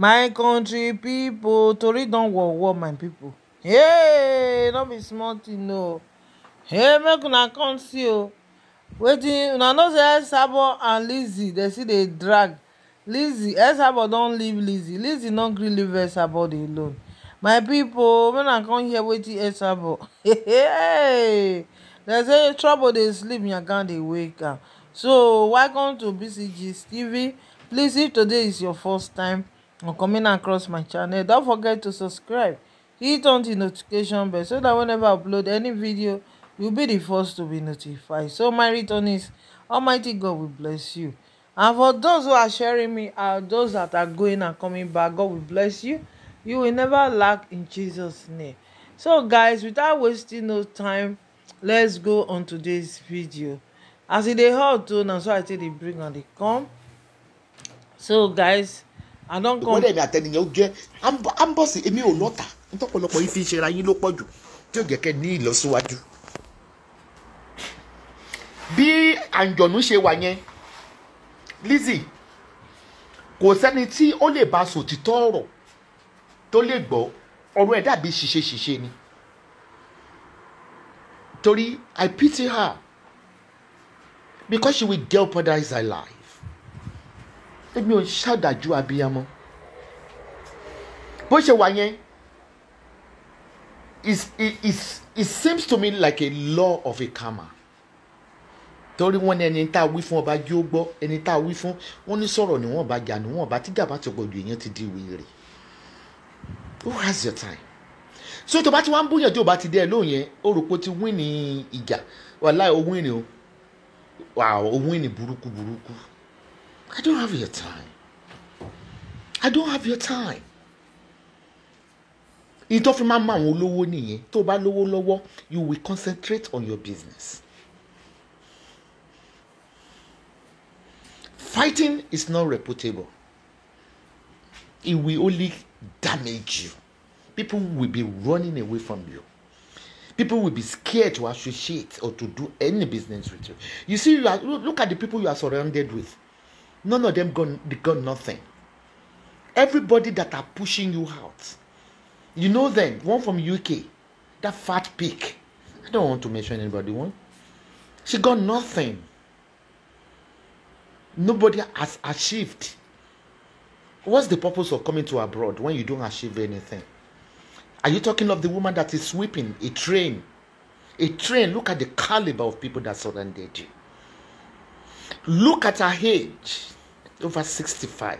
my country pipo tori don war war my pipo hey no be small tin o hey make una come see o oh. wetin una know say elsabo and lizzie. dey still dey drag lizzie. elsabo don leave lizzie. Lizzie no gree leave elsabo dey alone my pipo make una come hear wetin elsabo hey dem say trouble dey sleep yagan dey wake am so welcome to bcg tv please if today is your first time on coming across my channel don't forget to subscribe hit on the notification bell so that whenever i upload any video you'll be the first to be notified so my return is almighty god will bless you and for those who are sharing me out those that are going and coming back god will bless you you will never lack in jesus name so guys without wasting no time let's go on today's video as e dey hot o oh, na so i take dey bring am dey come so guys àdán kan. ìwọ́dẹ̀ mi àtẹnìyàn ó jẹ́ ambọ̀sì èmi ò lọ́tà ntọ́pọ̀lọpọ̀ yìí fi ń ṣera yín ló pọ̀ jù tí ò gẹ̀kẹ́ ní ìlọsíwájú. bí àǹjọ̀nú ṣe wà yẹn Lizzy kò sẹ́ni tí ó lè bá sòtítọ́ ọ̀rọ̀ tó lè gbọ́ ọ̀rọ̀ ẹ̀ dàbí ṣìṣeṣìṣe ni torí I pity her because she will jeopardize her life èmi ò ṣàdájú abiyamọ bó ṣe wà yẹn it it it seems to me like a law of a karma torí wọ́n ní ẹni tá a wí fún ọba jí ó gbọ́ ẹni tá a wí fún wọ́n ní sọ̀rọ̀ ni wọ́n bá jà ni wọ́n bá tíjà bá ti pọ̀jù èèyàn ti di wèrè who has your time so tó bá ti wá ń búyàn tí o bá ti dé ẹ lóhùn yẹn o rò pé o ti win ní ìjà wàláì o win o wà o win burúkú burúkú. I don't have your time. I don't have your time. Ìtọ́ fi máa ń mọ àwọn olówó nìyẹn. Tó o bá lówó lọ́wọ́, you will concentrate on your business. Fighting is not reputable. It will only damage you. People will be running away from you. People will be scared to associate or to do any business with you. You see, you are, look at the people you are surrounded with. None of them got, got nothing. Everybody that are pushing you out. You know them, one from UK, that fat pig. I don't want to mention anybody one. She got nothing. Nobody has achieved. What's the purpose of coming to abroad when you don't achieve anything? Are you talking of the woman that is sweeping a train? A train, look at the caliber of people that surrounded you. Look at her age, over 65,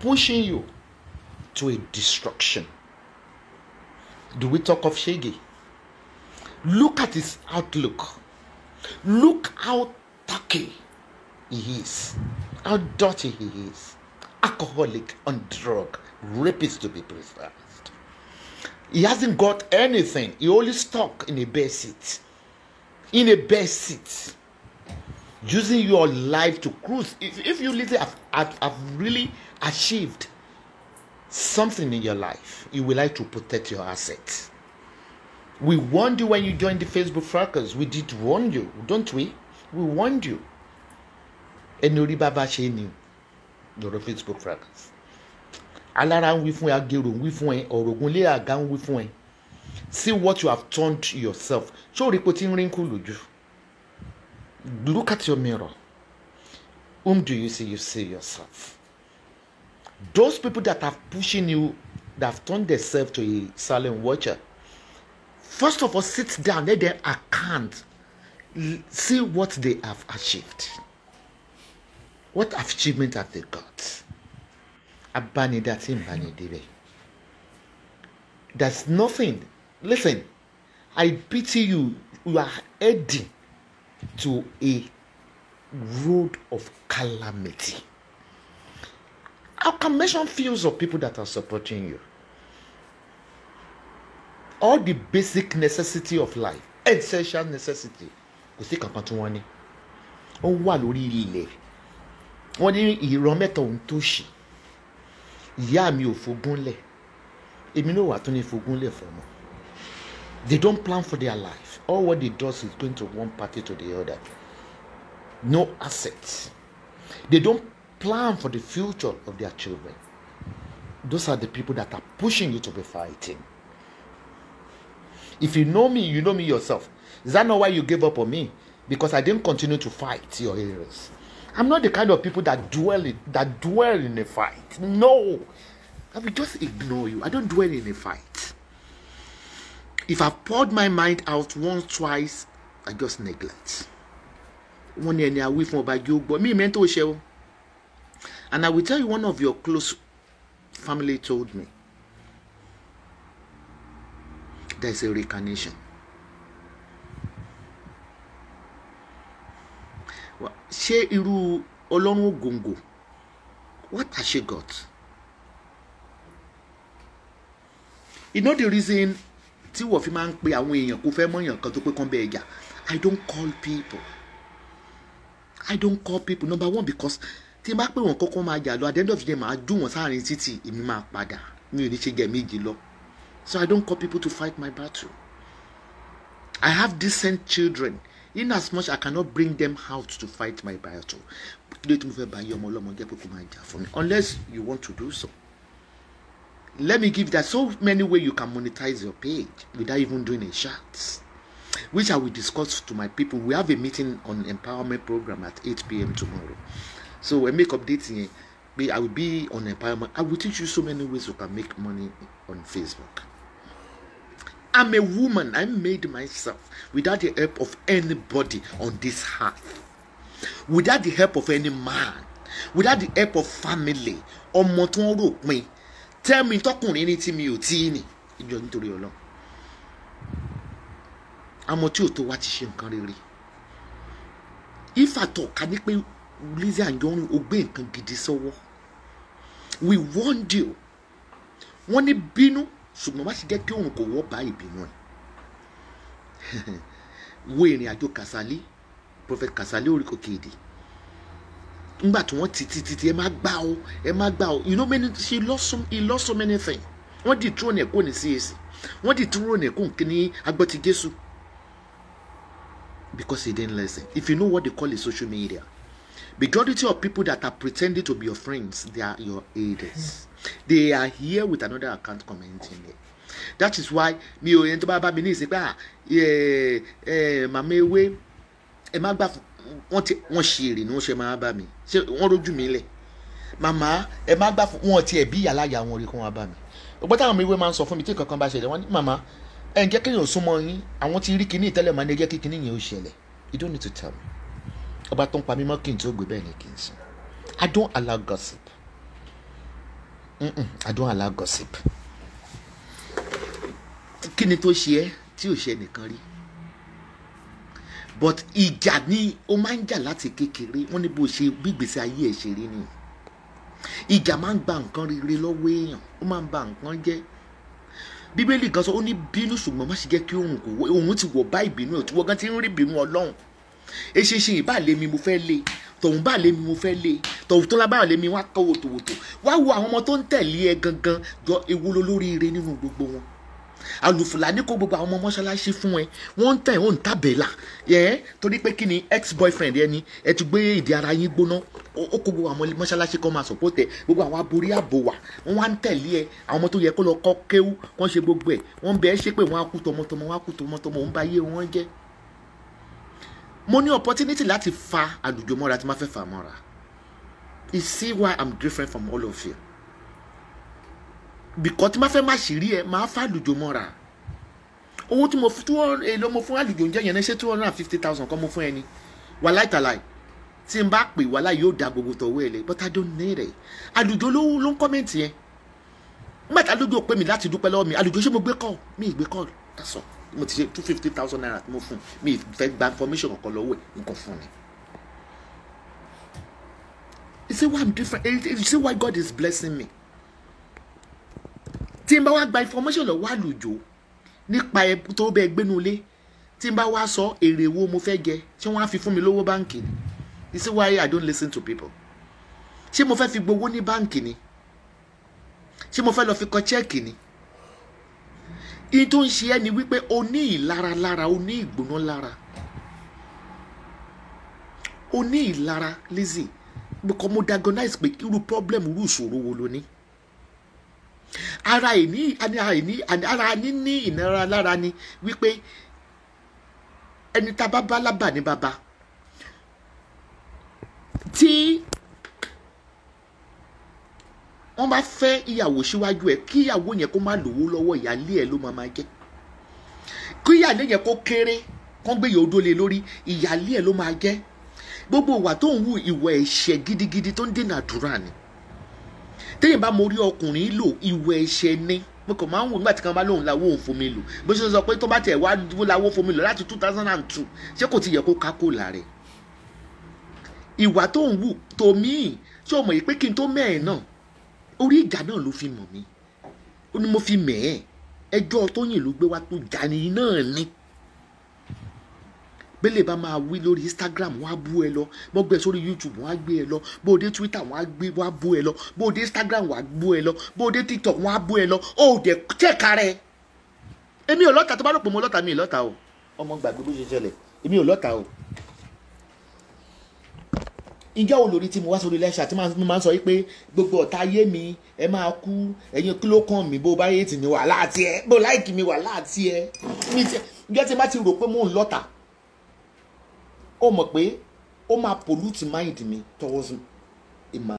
pushing you to a destruction. Do we talk of Shege? Look at his outlook. Look how tacky he is, how dirty he is. Alcoholic on drug, rapist to be precise. He hasn't got anything. He only stuck in a bare seat. In a bare seat using your life to cruise. If, if you literally have, have, have really achieved something in your life, you will like to protect your assets. We warned you when you joined the Facebook Fracas. We did warn you, don't we? We warned you. Ẹni orí bàbá ṣe ni lọ́rọ̀ Facebook Fracas. Alára ń wí fún ẹ, agero ń wí fún ẹ, ọ̀rọ̀gùn lé àga ń wí fún ẹ. See what you have turned yourself. Ṣé o rí pé o ti ń rí kú lójú? look at your mirror. Whom do you see? You see yourself. Those people that are pushing you, that have turned themselves to a silent watcher, first of all, sit down, let them account, see what they have achieved. What achievement have they got? Abanidati Mbanidibe. There's nothing. Listen, I pity you. You are heading to a road of calamity. I can mention fields of people that are supporting you. All the basic necessity of life, essential necessity, kò sí kankan tí wọ́n ní. Ó wà lórí ilẹ̀. Wọ́n ní ìran mẹ́ta òun tó ṣì. Ìyá mi ò fogúnlẹ̀. Èmi náà wà tó ní fogúnlẹ̀ fọmọ. They don't plan for their life. All what they do is going to one party to the other. No assets. They don't plan for the future of their children. Those are the people that are pushing you to be fighting. If you know me, you know me yourself. Is that not why you gave up on me? Because I didn't continue to fight your heroes. I'm not the kind of people that dwell in, that dwell in a fight. No, I will just ignore you. I don't dwell in a fight. if i poured my mind out once twice i just neglect One year, ẹni àwí fún ọba gí ó gbọ́ mí ìmẹ́ntò and i will tell you one of your close family told me There's is a reincarnation. ṣé iru olonwo ògòǹgò what has she got? you know the reason tí wọ́n fi máa ń pe àwọn èèyàn kó fẹ́ mọ̀yàn kan tó pé kán bẹ ẹ̀jà I don't call people I don't call people number one because tí n bá pè wọ́n kọ́kọ́ máa jà lọ at the end of the day màá jù wọ́n sáàrin títì èmi máa padà mi ò ní ṣe jẹ méjì lọ so I don't call people to fight my battle I have decent children in as much I cannot bring them out to fight my battle kí ló tí mo fẹ́ bá yí ọmọ ọlọ́mọ jẹ́ pé kó máa jà fún mi unless you want to do so. let me give that so many way you can monetize your page without even doing a chat which i will discuss to my people we have a meeting on empowerment program at 8 p.m tomorrow so i make updates i will be on empowerment i will teach you so many ways you can make money on facebook i'm a woman i made myself without the help of anybody on this earth without the help of any man without the help of family or tó tẹ́mi tọkùnrin ní tí mi ò tí ì nì ìjọ nítorí ọlọ́run àmọ́ tí ò tó wá ti ṣe nǹkan rere ìfàtọ̀ ká ní pé Lizzy Anjorin ó gbé nǹkan gidi sọ́wọ́ we warned you wọ́n ní bínú ṣùgbọ́n má ṣe jẹ́ kí òun kò wọ́ bá ìbínú ẹ̀ wo ìrìn àjò Kasali Prophet Kasali orí kò kéde ńgbà tí wọ́n ti ti ti ti ẹ má gbà ó ẹ má gbà ó you know many she lost so he lost so many things wọ́n di tróònù ẹ̀kọ́ ní CAC wọ́n di tróònù ẹ̀kọ́ ní agbọ́tí Jésù because he didn't listen if you know what they call it social media majority of people that are pretending to be your friends they are your haters they are here with another account commenting there that is why mi ò yẹn tó bá bá mi ní ìsìn ah eh, eh, màmá ewé ẹ má gbà fún wọ́n ti wọ́n ṣe èrè ni wọ́n ṣe máa bá mi ṣé wọ́n rójú mi lẹ̀ màmá ẹ má gbà fún wọn ti ẹ̀bí ìyàláyà wọn rí kó wọn bá mi ọgbọ́n táwọn ewé máa ń sọ fún mi tí kankan bá ṣẹlẹ̀ wọ́n ní màmá ẹ ń jẹ́ kéèyàn súnmọ́ yín àwọn ti rí kinní ìtẹ́lẹ̀ máa ń jẹ́ kí kinní yẹn ó ṣẹlẹ̀ you don't need to tell me ọba tó ń pa mí mọ́ kí n tó gbé bẹ́ẹ̀ ni kì í sùn I don't allow gossip Mm-mm, I don't allow gossip kí ni tó ṣe ẹ́ tí ò ṣe nìkan rí but ìjà ni ó máa ń jà láti kékeré wọ́n ní bó ṣe gbígbèsè ayé ẹ̀ ṣe rí ni ìjà máa ń gba nǹkan rere lọ́wọ́ èèyàn ó máa ń ba nǹkan jẹ́ bíbélì gan sọ ó ní bínú ṣùgbọ́n má ṣe jẹ́ kí òun kò wọ òun ti wọ̀ bá ìbínú ẹ̀ tí wọ́n gan ti ń rí ìbínú ọlọ́run eṣeṣin ìbá lé mi mo fẹ́ lé tọ̀hún bá mi mo fẹ́ lé tọ̀hún tó lábára mi wá kọ́ wòtòwòtò wá wo àwọn ọmọ tó ń tẹ̀lé ẹ gangan jọ ewolo lóríire nínú gbogbo wọn alùfùlàní kó gbogbo àwọn ọmọ mọ́ṣáláṣí fún ẹ wọ́n tẹ̀ wọ́n tàbẹ̀là ẹ̀ torí pé kí ni ex boyfriend ẹni ẹ ti gbé ìdí ara yín gbóná ó kó gbogbo àwọn mọ́ṣáláṣí kan máa sọ̀pọ̀ tẹ̀ gbogbo àwọn aborí àbò wà wọ́n wá ń tẹ̀lé ẹ àwọn ọmọ tó yẹ kó lọ kọ́ kéwú wọ́n ṣe gbogbo ẹ̀ wọ́n bẹ̀ ẹ́ ṣe pé wọ́n á kú tọmọtọmọ wọ́n á kú tọmọtọmọ òun bá wọn jẹ́ mo ní opportunity láti fa àlùjọ tí máa fẹ́ fà mọ́ra you see why I'm different from all of you bìkọ́ tí má fẹ́ má ṣì rí ẹ máa fà lùjò mọ́ra owó tí mo fi two hundred èlò mo fún àlùjò ń jẹ́ yẹn ṣé two hundred and fifty thousand kọ́ mo fún ẹni wà láìtàláì tí n bá pè wàhálà yóò da gbogbo tọ̀wé ẹ̀ lẹ̀ but I don't need it àlùjò ló ló ń kọ́mẹ̀ntì yẹn nígbà tí àlùjò pè mí láti dúpẹ́ lọ́wọ́ mi àlùjò ṣé mo gbé call mi ì gbé call mo ti ṣe two fifty thousand naira mo fún mi ì gba information kankan lọ́wọ́ ẹ̀ nǹkan fún mi. You see why I'm different? You see why God is blessing me? tí n bá wá gba information lọ́wọ́ àlùjọ nípa ẹbú tó bẹ gbénu lé tí n bá wá sọ èrè wo mo fẹ́ jẹ ṣé wọ́n á fi fún mi lówó báǹkì ni you see why I don't listen to people ṣé mo fẹ́ fi gbowó ní báǹkì ni ṣé mo fẹ́ lọ fi kọ chẹ́ẹ̀kì ni ìyí tó ń ṣe ẹ́ ni wípé o ní ìlara lára o ní ìgbóná lára o ní ìlara Lizzy mo mo diagnose pé irú problem irú ìṣòro wo lo ní ara ìní ara ìní ara níní ìnira lára ni wípé ẹni tá a bá bá lábà ní bàbá tí wọ́n bá fẹ́ ìyàwó síwájú ẹ̀ kí ìyàwó yẹn kó má lówó lọ́wọ́ ìyáálé ẹ̀ ló máa máa jẹ́ kí ìyáálé yẹn kó kéré kán gbé yòó dólé lórí ìyáálé ẹ̀ ló máa jẹ́ gbogbo ìwà tó ń wu ìwà ẹ̀ṣẹ̀ gidigidi tó ń dènà àdúrà ni téèyàn bá mo rí ọkùnrin lò ìwẹ̀ ẹ̀ṣẹ̀ ni mo kàn máa ń wò nígbà tí kan bá lóun lawó òun fomi lò bó ṣe sọ pé tó bá tiẹ̀ wá lawó fomi lò láti two thousand and two ṣé kò ti yẹ kó kákó làárẹ̀ ìwà tó ń wù tó míì ṣé o mọ̀ pé kí n tó mẹ́ẹ̀ náà orí ìjà náà ló fi mọ̀ mí ó ní mo fi mẹ́ẹ̀ ẹjọ́ tó yìn ló gbé wá tó jà ní náà ni bẹ́ẹ̀ lè bá máa wí lórí Instagram wọ́n á bú ẹ lọ bó gbé sórí YouTube wọ́n á gbé ẹ lọ bó dé Twitter wọ́n á gbé wọ́n á bú ẹ lọ bó dé Instagram wọ́n á bú ẹ lọ bó dé TikTok wọ́n á bú ẹ lọ ó dẹ̀ tẹ̀ka rẹ̀ èmi ò lọ́ta tó bá rò pé lọ́ta mi ò lọ́ta o ọmọ gbàgbé bó ṣe ṣẹlẹ̀ èmi ò lọ́ta o ìjọ wo lórí tí mo wá sórí lẹ́ṣà tí mo máa ń sọ yìí pé gbogbo ọ̀tá ayé mi ẹ máa kú ẹ̀yin kí ló kàn mí bó bá yé tì mí wà láàtì ẹ bó láìkì mi wà láàtì ẹ mi tiẹ̀ bí ẹ ti má ti rò pé mò ń lọ́ta ó mọ̀ pé ó máa pollute mind mi towards a man.